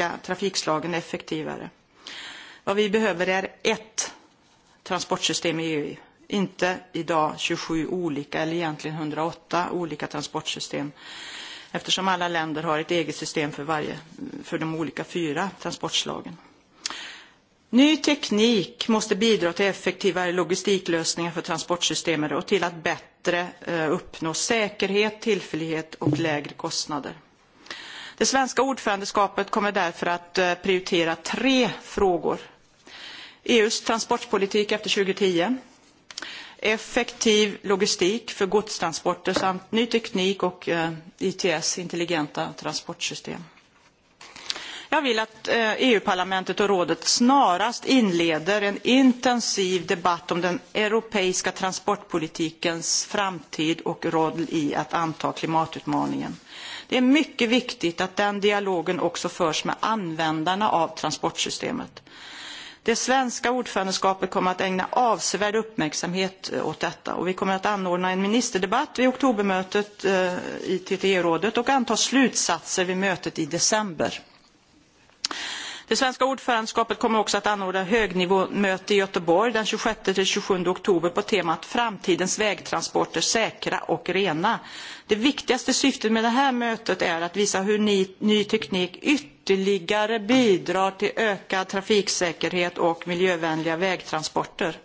olika trafikslagen effektivare. Vad vi behöver är ett transportsystem i EU, inte idag 27 olika eller egentligen 108 olika transportsystem eftersom alla länder har ett eget system för, varje, för de olika fyra transportslagen. Ny teknik måste bidra till effektivare logistiklösningar för transportsystemet och till att bättre uppnå säkerhet, tillförlighet och lägre kostnader. Det svenska ordförandeskapet kommer därför att prioritera tre frågor. EUs transportpolitik efter 2010, effektiv logistik för godstransporter samt ny teknik och ITS, intelligenta transportsystem. Jag vill att EU-parlamentet och rådet snarast inleder en intensiv debatt om den europeiska transportpolitikens framtid och roll i att anta klimatutmaningen. Det är mycket viktigt att den dialogen också förs med användarna av transportsystemet. Det svenska ordförandeskapet kommer att ägna avsevärd uppmärksamhet åt detta och vi kommer att anordna en ministerdebatt vid oktobermötet i TTE-rådet och anta slutsatser vid mötet i december. Det svenska ordförandeskapet kommer också att anordna högnivåmöte i Göteborg den 26-27 oktober på temat Framtidens vägtransporter säkra och rena. Det viktigaste syftet med det här mötet är att visa hur ny teknik ytterligare bidrar till ökad trafiksäkerhet och miljövänliga vägtransporter.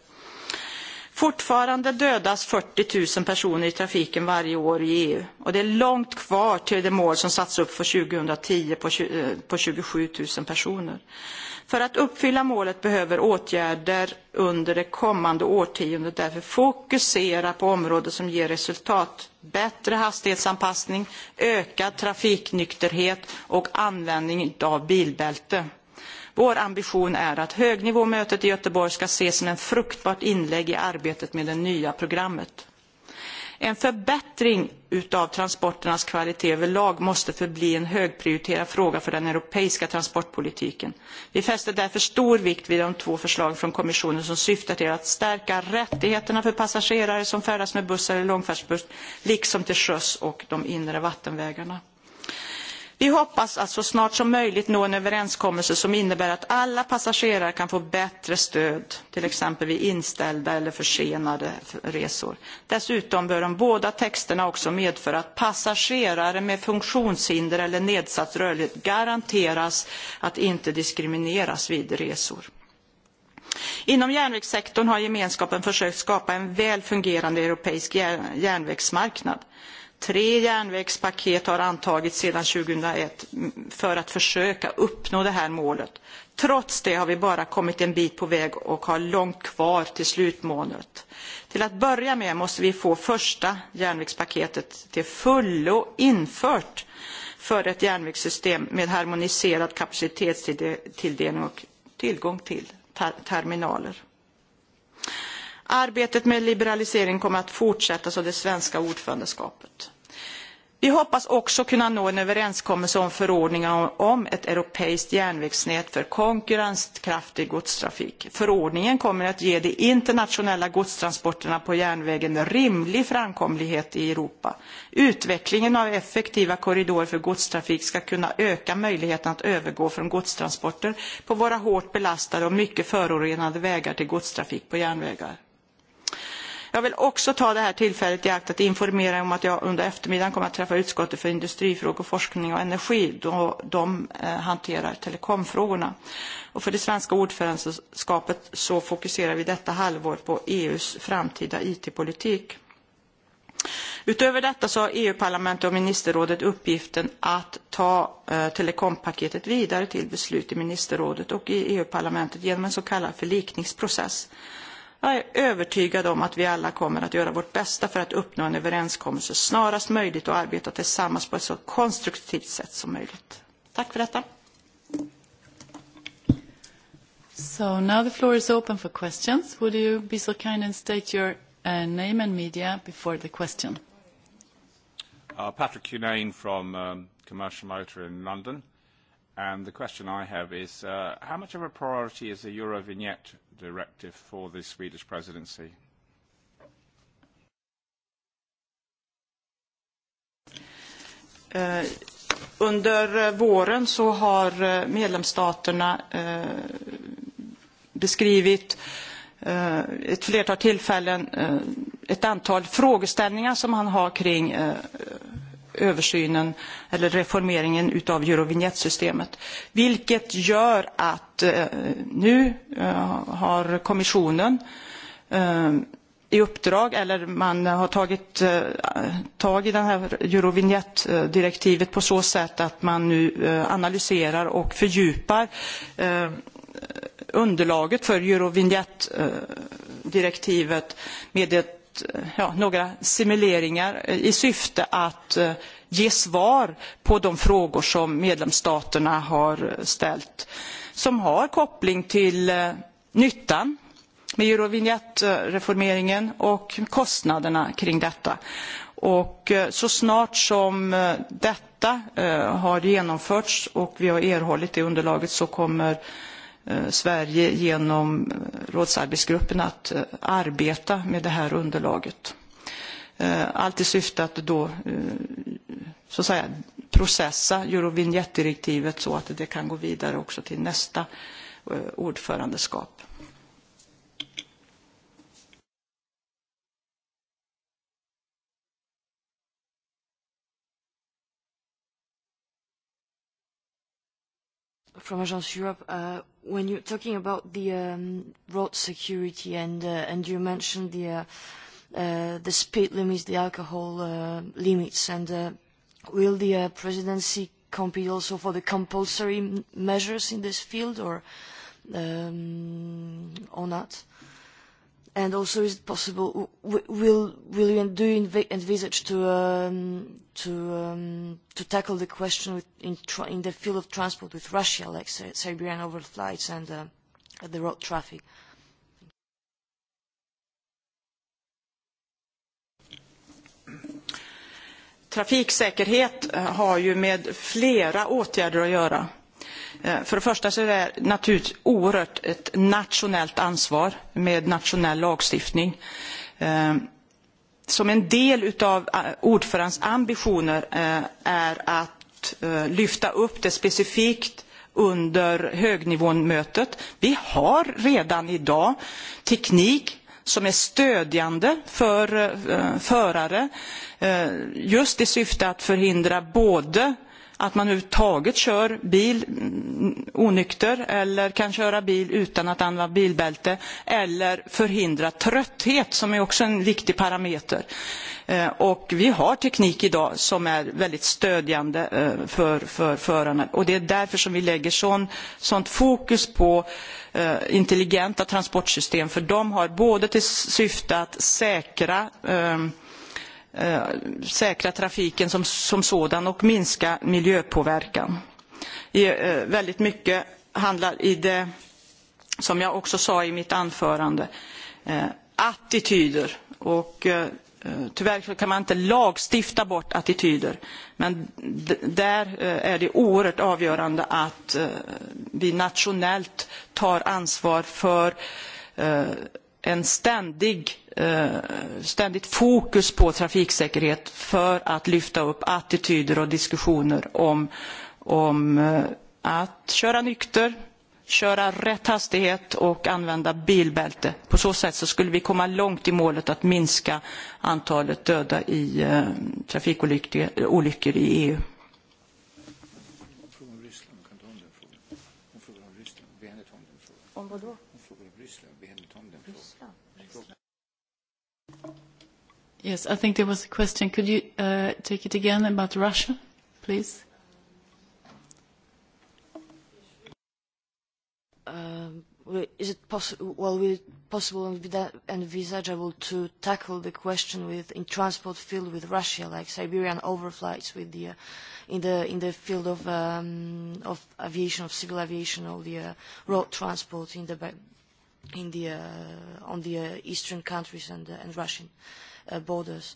Fortfarande dödas 40 000 personer i trafiken varje år i EU och det är långt kvar till det mål som satts upp för 2010 på 27 000 personer. För att uppfylla målet behöver åtgärder under det kommande årtiondet därför fokusera på områden som ger resultat. Bättre hastighetsanpassning, ökad trafiknykterhet och användning av bilbälte. Vår ambition är att högnivåmötet i Göteborg ska ses som ett fruktbart inlägg i arbetet med det nya programmet. En förbättring av transporternas kvalitet överlag måste förbli en högprioriterad fråga för den europeiska transportpolitiken. Vi fäster därför stor vikt vid de två förslag från kommissionen som syftar till att stärka rättigheterna för passagerare som färdas med buss eller långfärdsbuss, liksom till sjöss och de inre vattenvägarna. Vi hoppas att så snart som möjligt nå en överenskommelse som innebär att alla passagerare kan få bättre stöd, till exempel vid inställda eller försenade resor. Dessutom bör de båda texterna också medföra att passagerare med funktionshinder eller nedsatt rörlighet garanteras att inte diskrimineras vid resor. Inom järnvägssektorn har gemenskapen försökt skapa en väl fungerande europeisk järnvägsmarknad. Tre järnvägspaket har antagits sedan 2001 för att försöka uppnå det här målet. Trots det har vi bara kommit en bit på väg och har långt kvar till slutmålet. Till att börja med måste vi få första järnvägspaketet till fullo infört för ett järnvägssystem med harmoniserad kapacitetstilldelning och tillgång till terminaler. Arbetet med liberalisering kommer att fortsätta av det svenska ordförandeskapet. Vi hoppas också kunna nå en överenskommelse om förordningen om ett europeiskt järnvägsnät för konkurrenskraftig godstrafik. Förordningen kommer att ge de internationella godstransporterna på järnvägen rimlig framkomlighet i Europa. Utvecklingen av effektiva korridorer för godstrafik ska kunna öka möjligheten att övergå från godstransporter på våra hårt belastade och mycket förorenade vägar till godstrafik på järnvägar. Jag vill också ta det här tillfället i akt att informera om att jag under eftermiddagen kommer att träffa utskottet för industrifrågor, forskning och energi då de hanterar telekomfrågorna. för det svenska ordförandeskapet så fokuserar vi detta halvår på EUs framtida IT-politik. Utöver detta så har EU-parlamentet och ministerrådet uppgiften att ta telekompaketet vidare till beslut i ministerrådet och i EU-parlamentet genom en så kallad förlikningsprocess. Jag är övertygad om att vi alla kommer att göra vårt bästa för att uppnå en överenskommelse snarast möjligt och arbeta tillsammans på ett så konstruktivt sätt som möjligt. Tack för detta. So now the floor is open for questions. Would you be so kind and state your uh, name and media before the question? Uh, Patrick Cunane from um, Commercial Motor in London. And the question I have is, uh, how much of a priority is the Euro vignette directive for the Swedish presidency. Under våren så har medlemsstaterna beskrivit ett flertal tillfällen ett antal frågeställningar som man har kring översynen eller reformeringen av Eurovignettsystemet. Vilket gör att nu har kommissionen i uppdrag eller man har tagit tag i det här Eurovignettdirektivet på så sätt att man nu analyserar och fördjupar underlaget för Eurovignettdirektivet med ett några simuleringar i syfte att ge svar på de frågor som medlemsstaterna har ställt som har koppling till nyttan med Eurovinjettreformeringen och kostnaderna kring detta. så snart som detta har genomförts och vi har erhållit det underlaget så kommer Sverige genom rådsarbetsgruppen att arbeta med det här underlaget. Allt i syfte att då så att säga, processa Eurovignettdirektivet så att det kan gå vidare också till nästa ordförandeskap. from Agence Europe. Uh, when you're talking about the road security and you mentioned the speed limits, the alcohol limits, and uh, will the uh, presidency compete also for the compulsory measures in this field, or um, or not? And also, is it possible, will will you do you envisage to um to um to tackle the question with in tra in the field of transport with Russia, like Ser Siberian overflights and uh, the road traffic? Trafiksäkerhet har ju med flera åtgärder att göra För det första så är det naturligtvis oerhört ett nationellt ansvar med nationell lagstiftning. Som en del av ordförandens ambitioner är att lyfta upp det specifikt under högnivåmötet. Vi har redan idag teknik som är stödjande för förare just i syfte att förhindra både att man överhuvudtaget kör bil onykter eller kan köra bil utan att använda bilbälte eller förhindra trötthet som är också en viktig parameter. Och vi har teknik idag som är väldigt stödjande för förarna och det är därför som vi lägger sånt fokus på intelligenta transportsystem för de har både till syfte att säkra säkra trafiken som, sådan och minska miljöpåverkan. väldigt mycket handlar i det, som jag också sa i mitt anförande, attityder. Och, Tyvärr kan man inte lagstifta bort attityder. Men där är det oerhört avgörande att vi nationellt tar ansvar för en ständigt fokus på trafiksäkerhet för att lyfta upp attityder och diskussioner om, att köra nykter, köra rätt hastighet och använda bilbälte. På så sätt skulle vi komma långt i målet att minska antalet döda i trafikolyckor i EU. Om vad då? Yes, I think there was a question. Could you uh, take it again about Russia, please? Um, is it possible? Well, will it possible and envisageable to tackle the question with in transport field with Russia, like Siberian overflights with the, uh, in the in the field of um, of aviation, of civil aviation, or the uh, road transport in the in the uh, on the uh, eastern countries and and Russian borders.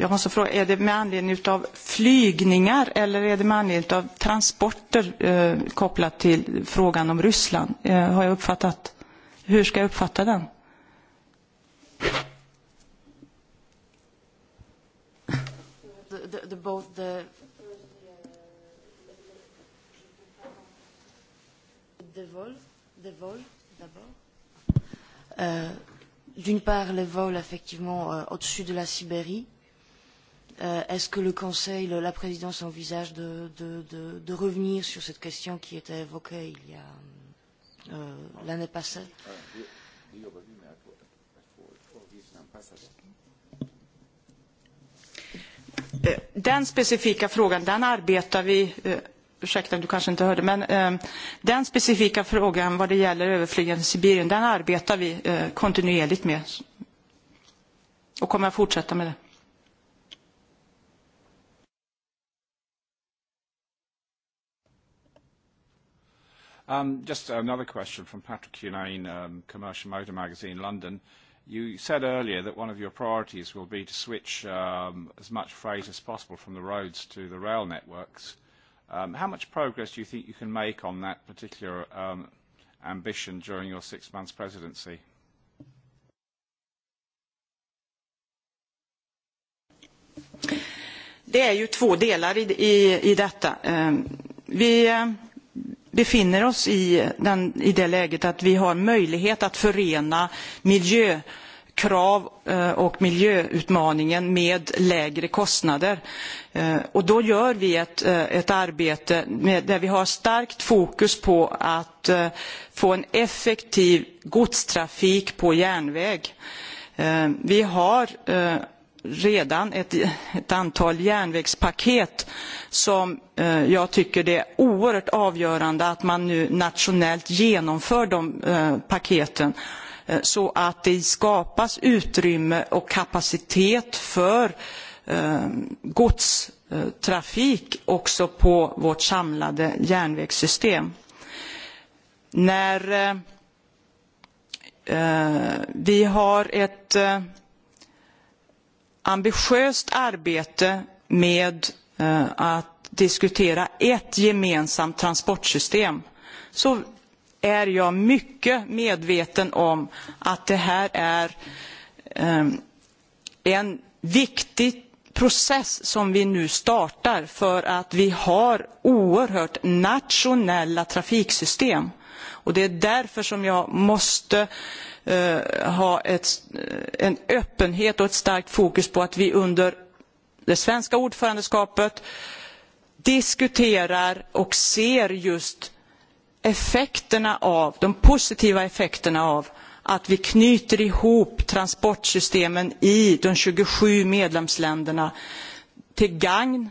jag måste fråga, är det med anledning av flygningar eller är det med anledning av transporter eh, kopplat till frågan om Ryssland? Eh, har jag uppfattat, hur ska jag uppfatta den? the both the the vol, the vol d'abord. Euh, D'une part, les vols effectivement euh, au-dessus de la Sibérie. Euh, Est-ce que le Conseil, le, la présidence envisage de, de, de, de revenir sur cette question qui était évoquée il y a euh, l'année passée? Den specifika frågan, den arbetar vi ursäkta du kanske inte hörde, men eh, den specifika frågan vad det gäller överflygande Sibirien, den arbetar vi eh, kontinuerligt med och kommer att fortsätta med det. Um, just another question from Patrick Cunane, um, Commercial Motor Magazine, London. You said earlier that one of your priorities will be to switch um as much freight as possible from the roads to the rail networks. Um How much progress do you think you can make on that particular um ambition during your six months presidency? Det är ju två delar i detta. Vi befinner oss i, det läget att vi har möjlighet att förena miljökrav och miljöutmaningen med lägre kostnader. då gör vi ett, arbete där vi har starkt fokus på att få en effektiv godstrafik på järnväg. Vi har redan ett, antal järnvägspaket som jag tycker det är oerhört avgörande att man nu nationellt genomför de paketen så att det skapas utrymme och kapacitet för godstrafik också på vårt samlade järnvägssystem. När vi har ett ambitiöst arbete med att diskutera ett gemensamt transportsystem så är jag mycket medveten om att det här är en viktig process som vi nu startar för att vi har oerhört nationella trafiksystem. Och det är därför som jag måste ha en öppenhet och ett starkt fokus på att vi under det svenska ordförandeskapet diskuterar och ser just effekterna av, de positiva effekterna av att vi knyter ihop transportsystemen i de 27 medlemsländerna till gagn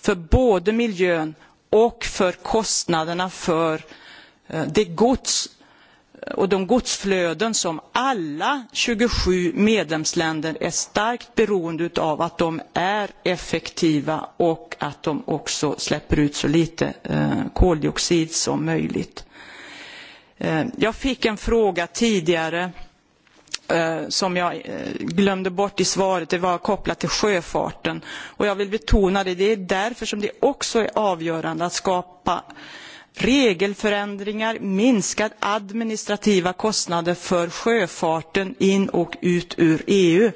för både miljön och för kostnaderna för det gods och de godsflöden som alla 27 medlemsländer är starkt beroende av att de är effektiva och att de också släpper ut så lite koldioxid som möjligt. Jag fick en fråga tidigare som jag glömde bort i svaret. Det var kopplat till sjöfarten. Och jag vill betona det. Det är därför som det också är avgörande att skapa regelförändringar, minskade administrativa kostnader för sjöfarten in och ut ur EU.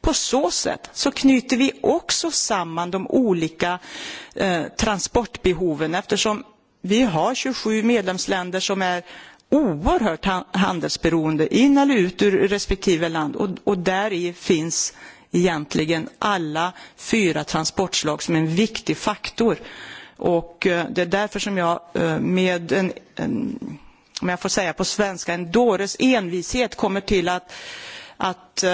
På så sätt så knyter vi också samman de olika transportbehoven eftersom vi har 27 medlemsländer som är oerhört handelsberoende in eller ut ur respektive land och, där finns egentligen alla fyra transportslag som en viktig faktor. Och det är därför som jag med en, om jag får säga på svenska, en dåres envishet kommer till att att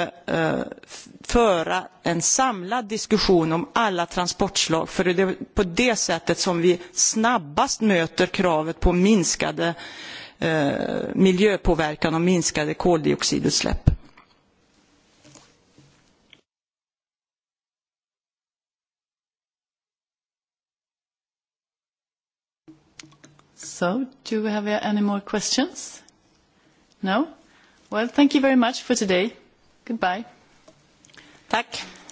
föra en samlad diskussion om alla transportslag. För det är på det sättet som vi snabbast möter kravet på minskade miljöpåverkan och minskade koldioxidutsläpp. So, do we have any more questions? No? Well, thank you very much for today. Goodbye. Tack.